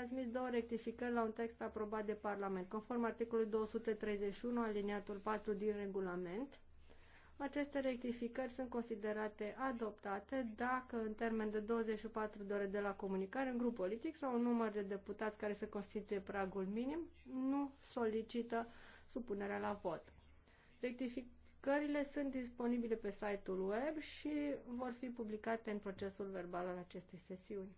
transmis două rectificări la un text aprobat de Parlament, conform articolului 231 aliniatul 4 din regulament. Aceste rectificări sunt considerate adoptate dacă în termen de 24 de ore de la comunicare în grup politic sau un număr de deputați care se constituie pragul minim nu solicită supunerea la vot. Rectificările sunt disponibile pe site-ul web și vor fi publicate în procesul verbal al acestei sesiuni.